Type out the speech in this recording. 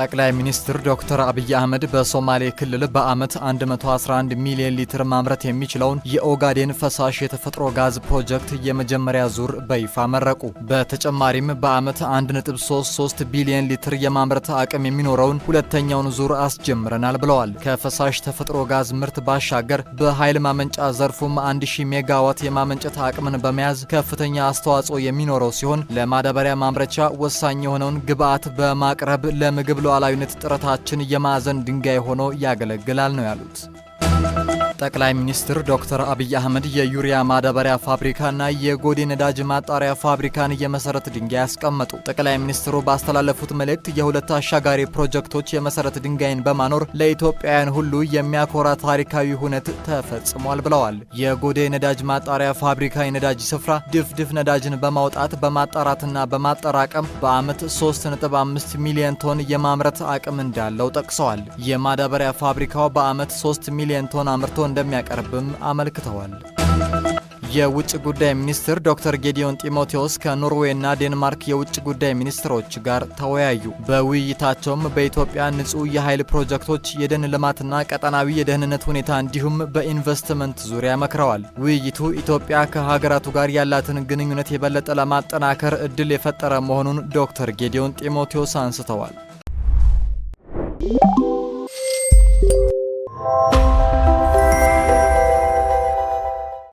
ጠቅላይ ሚኒስትር ዶክተር አብይ አህመድ በሶማሌ ክልል በዓመት 111 ሚሊዮን ሊትር ማምረት የሚችለውን የኦጋዴን ፈሳሽ የተፈጥሮ ጋዝ ፕሮጀክት የመጀመሪያ ዙር በይፋ መረቁ። በተጨማሪም በዓመት 1.33 ቢሊዮን ሊትር የማምረት አቅም የሚኖረውን ሁለተኛውን ዙር አስጀምረናል ብለዋል። ከፈሳሽ ተፈጥሮ ጋዝ ምርት ባሻገር በኃይል ማመንጫ ዘርፉም 1000 ሜጋዋት የማመንጨት አቅምን በመያዝ ከፍተኛ አስተዋጽኦ የሚኖረው ሲሆን ለማዳበሪያ ማምረቻ ወሳኝ የሆነውን ግብዓት በማቅረብ ለምግብ ሉዓላዊነት ጥረታችን የማዕዘን ድንጋይ ሆኖ ያገለግላል ነው ያሉት። ጠቅላይ ሚኒስትር ዶክተር አብይ አህመድ የዩሪያ ማዳበሪያ ፋብሪካና የጎዴ ነዳጅ ማጣሪያ ፋብሪካን የመሰረት ድንጋይ አስቀመጡ። ጠቅላይ ሚኒስትሩ ባስተላለፉት መልእክት የሁለት አሻጋሪ ፕሮጀክቶች የመሰረት ድንጋይን በማኖር ለኢትዮጵያውያን ሁሉ የሚያኮራ ታሪካዊ ሁነት ተፈጽሟል ብለዋል። የጎዴ ነዳጅ ማጣሪያ ፋብሪካ የነዳጅ ስፍራ ድፍድፍ ነዳጅን በማውጣት በማጣራትና በማጠራቀም በዓመት 3.5 ሚሊዮን ቶን የማምረት አቅም እንዳለው ጠቅሰዋል። የማዳበሪያ ፋብሪካው በዓመት 3 ሚሊዮን ሚሊዮን አምርቶ እንደሚያቀርብም አመልክተዋል። የውጭ ጉዳይ ሚኒስትር ዶክተር ጌዲዮን ጢሞቴዎስ ከኖርዌይና ዴንማርክ የውጭ ጉዳይ ሚኒስትሮች ጋር ተወያዩ። በውይይታቸውም በኢትዮጵያ ንጹህ የኃይል ፕሮጀክቶች፣ የደን ልማትና ቀጠናዊ የደህንነት ሁኔታ እንዲሁም በኢንቨስትመንት ዙሪያ መክረዋል። ውይይቱ ኢትዮጵያ ከሀገራቱ ጋር ያላትን ግንኙነት የበለጠ ለማጠናከር እድል የፈጠረ መሆኑን ዶክተር ጌዲዮን ጢሞቴዎስ አንስተዋል።